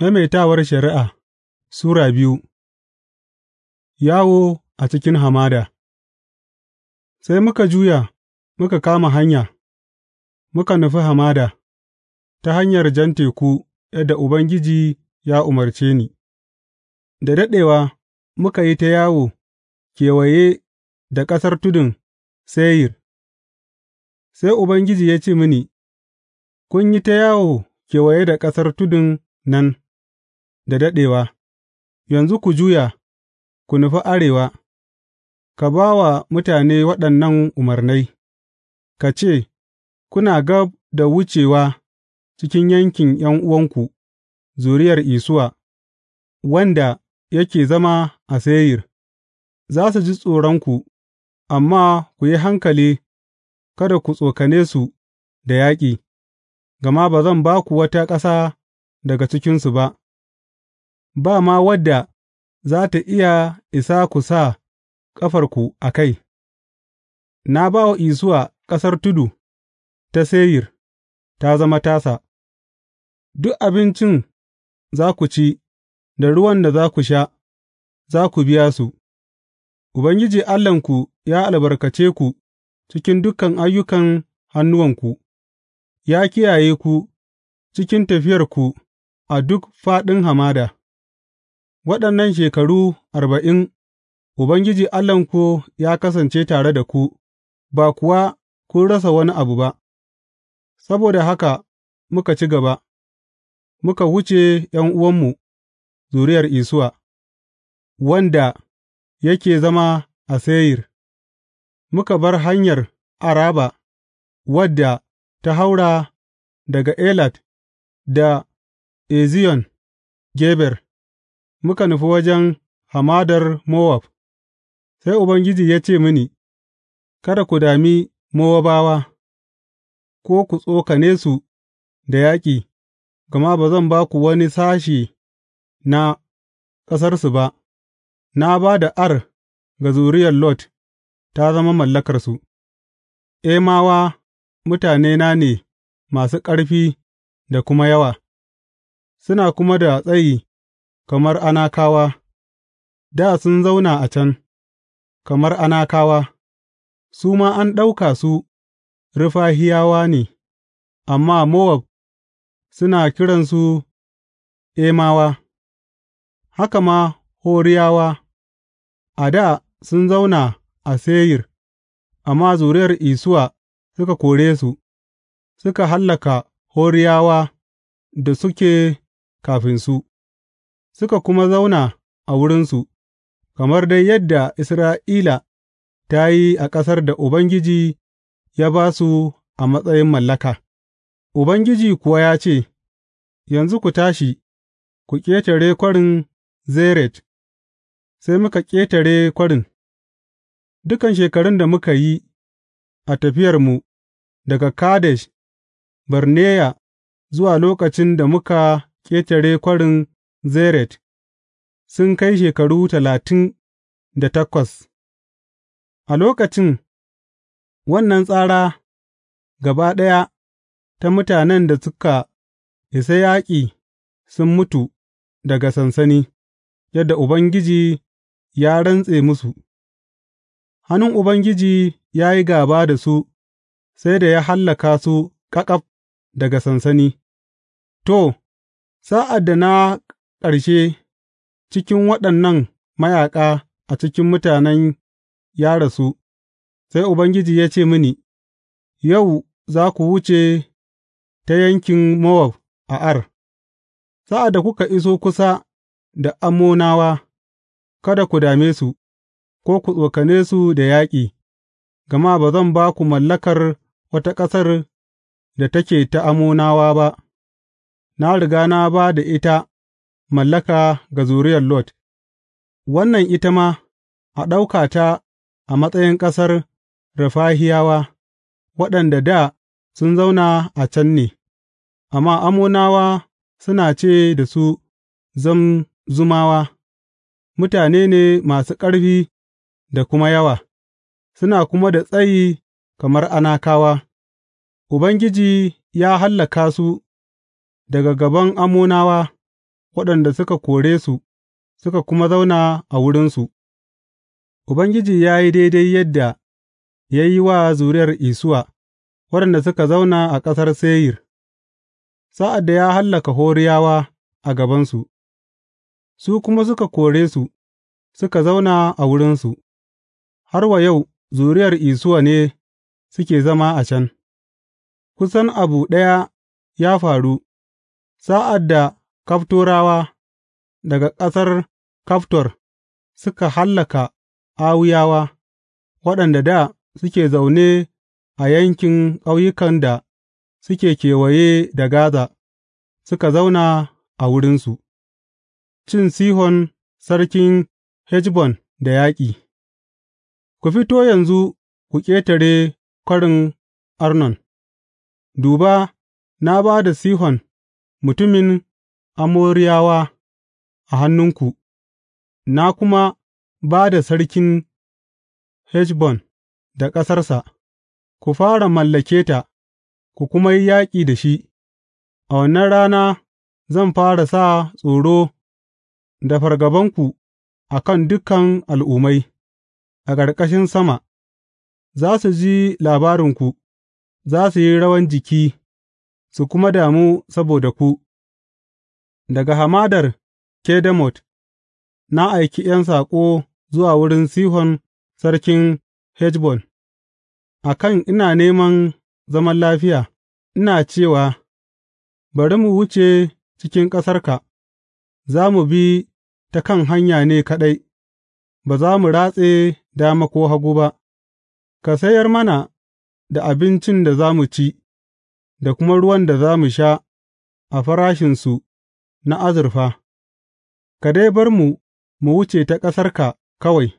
Maimaitawar Shari'a Sura biyu Yawo a cikin hamada Sai muka juya muka kama hanya, muka nufi hamada, ta hanyar Jan Teku yadda Ubangiji ya umarce ni, da daɗewa muka yi ta yawo kewaye da ƙasar tudun Seyir, sai Ubangiji ya ce mini, Kun yi ta yawo kewaye da ƙasar tudun nan. da daɗewa, yanzu ku juya, ku nufi arewa, ka ba wa mutane waɗannan umarnai, ka ce, Kuna gab da wucewa cikin yankin ’yan'uwanku, zuriyar Isuwa, wanda yake zama a Seyir, za su ji tsoronku, amma ku yi hankali kada ku tsokane su da yaƙi, gama ba zan ba ku wata ƙasa daga cikinsu ba. ba ma wadda za tă iya isa ku sa ƙafarku a kai, na ba wa Isuwa ƙasar tudu ta Seyir, ta zama tasa, duk abincin za ku ci da ruwan da za ku sha, za ku biya su, Ubangiji Allahnku ya albarkace ku cikin dukan ayyukan hannuwanku, ya kiyaye ku cikin tafiyarku a duk faɗin hamada. Waɗannan shekaru arba'in Ubangiji Allahnku ya kasance tare da ku, ba kuwa kun rasa wani abu ba, saboda haka muka ci gaba, muka wuce uwanmu, zuriyar Isuwa, wanda yake zama a Seyir, muka bar hanyar Araba, wadda ta haura daga Elat da Eziyon Geber. muka nufi wajen hamadar Mowab, sai Ubangiji ya ce mini, Kada ku dami Mowabawa, ko ku tsokane su da yaƙi, gama ba zan ba ku wani sashe na ƙasarsu ba, na ba da Ar ga zuriyar Lot, ta zama mallakarsu, Emawa mutanena ne masu ƙarfi da kuma yawa, suna kuma da tsayi. kamar Anakawa, da sun zauna a can, kamar Anakawa, su ma an ɗauka su Refahiyawa ne, amma Mowab suna kiransu Emawa, haka ma Horiyawa, a da, sun zauna a Seyir, amma zuriyar Isuwa suka kore su, suka hallaka Horiyawa da suke kafinsu. suka kuma zauna a wurinsu, kamar dai yadda Isra'ila ta yi a ƙasar da Ubangiji ya ba su a matsayin mallaka, Ubangiji kuwa ya ce, Yanzu ku tashi, ku ƙetare kwarin Zeret, sai muka ƙetare kwarin, dukan shekarun da muka yi a tafiyarmu daga Kadesh Barneya zuwa lokacin da muka ƙetare Kwarin Zeret sun kai shekaru talatin da takwas, a lokacin wannan tsara gaba ɗaya ta mutanen da suka isa yaƙi sun mutu daga sansani, yadda Ubangiji ya rantse musu, hannun Ubangiji ya yi gaba da su sai da ya hallaka su ƙaƙaf daga sansani. To, sa'ad da na ƙarshe cikin waɗannan mayaƙa a cikin mutanen ya rasu, sai Ubangiji ya ce mini, Yau za ku wuce ta yankin Mowab a Ar, sa'ad da kuka iso kusa da Ammonawa, kada ku dame su, ko ku tsokane su da yaƙi, gama ba zan ba ku mallakar wata ƙasar da take ta Ammonawa ba, na riga na ba da ita mallaka ga zuriyar Lot, wannan ita ma a ɗauka ta a matsayin ƙasar rafahiyawa, waɗanda da sun zauna a can ne, amma Ammonawa suna ce da su Zamzumawa, mutane ne masu ƙarfi da kuma yawa, suna kuma da tsayi kamar Anakawa, Ubangiji ya hallaka su daga gaban Ammonawa. waɗanda suka kore su suka kuma zauna a wurinsu, Ubangiji ya yi daidai yadda ya yi wa zuriyar Isuwa waɗanda suka zauna a ƙasar Seyir, sa'ad da ya hallaka Horiyawa a gabansu, su kuma suka kore su suka zauna a wurinsu, har wa yau zuriyar Isuwa ne suke zama a can. Kusan abu ɗaya ya faru sa'ad da Kaftorawa daga ƙasar Kaftor suka hallaka Awwiyawa, waɗanda dā suke zaune a yankin ƙauyukan da suke kewaye da Gaza, suka zauna a wurinsu, cin Sihon sarkin Heshbon da yaƙi Ku fito yanzu ku ƙetare Kwarin Arnon; duba, na ba da Sihon mutumin Amoriyawa a hannunku, na kuma ba da sarkin Heshbon da ƙasarsa, ku fara mallake ta, ku kuma yi yaƙi da shi, a wannan rana zan fara sa tsoro da fargabanku a kan dukan al'ummai a ƙarƙashin sama; za su ji labarinku, za su yi rawan jiki su kuma damu saboda ku. Daga hamadar Kedemot na aiki ’yan saƙo zuwa wurin Sihon sarkin Heshbon, a kan ina neman zaman lafiya, ina cewa, Bari mu wuce cikin ƙasarka; za mu bi ta kan hanya ne kaɗai, ba za mu ratse dama ko hagu ba, ka sayar mana da abincin da za mu ci, da kuma ruwan da za mu sha a farashinsu. na azurfa, ka dai bar mu mu wuce ta ƙasarka kawai,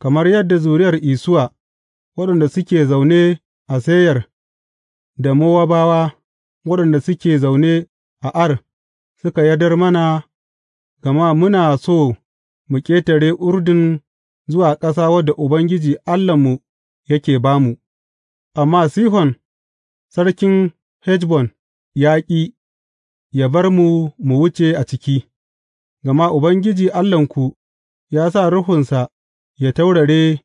kamar yadda zuriyar Isuwa waɗanda suke zaune a Seyir da Mowabawa waɗanda suke zaune a Ar suka yadar mana, gama muna so mu ƙetare Urdun zuwa ƙasa wadda Ubangiji Allahnmu yake ba mu, amma Sihon sarkin Heshbon ya ƙi. yă bar mu mu wuce a ciki, gama Ubangiji Allahnku ya sa Ruhunsa ya taurare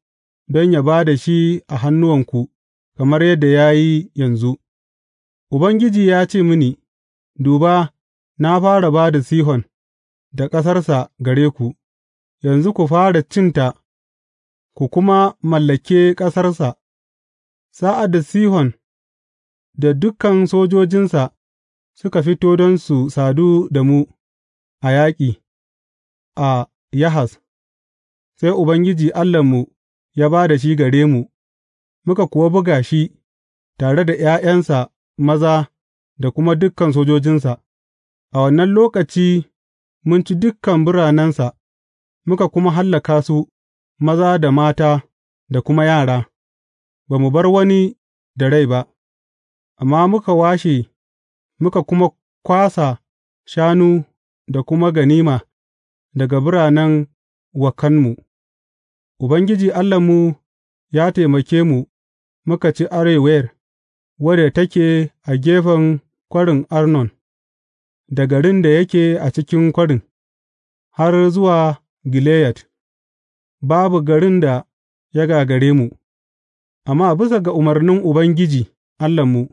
don yă ba da shi a hannuwanku, kamar yadda ya yi yanzu. Ubangiji ya ce mini, Duba, na fara ba da Sihon da ƙasarsa gare ku, yanzu ku fara cinta, ku kuma mallake ƙasarsa, sa'ad da Sihon da dukan sojojinsa suka fito don su sadu da mu a yaƙi a Yahaz, sai Ubangiji Allahnmu ya ba da shi gare mu, muka kuwa buga shi tare da ’ya'yansa maza da kuma dukkan sojojinsa, a wannan lokaci mun ci dukkan biranensa, muka kuma hallaka su maza da mata da kuma yara, ba mu bar wani da rai ba, amma muka washe muka kuma kwasa shanu da kuma ganima daga biranen wa kanmu, Ubangiji Allahnmu ya taimake mu muka ci Arower wadda take a gefen Kwarin Arnon, da garin da yake a cikin kwarin, har zuwa Gileyad, babu garin da ya gagare mu, amma bisa ga umarnin Ubangiji Allahnmu,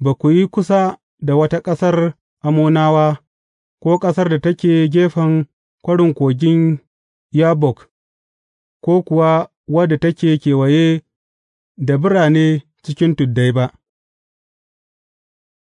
ba ku yi kusa da wata ƙasar Ammonawa ko ƙasar da take gefen kwarin kogin yabok ko kuwa wadda take kewaye da birane cikin tuddai ba.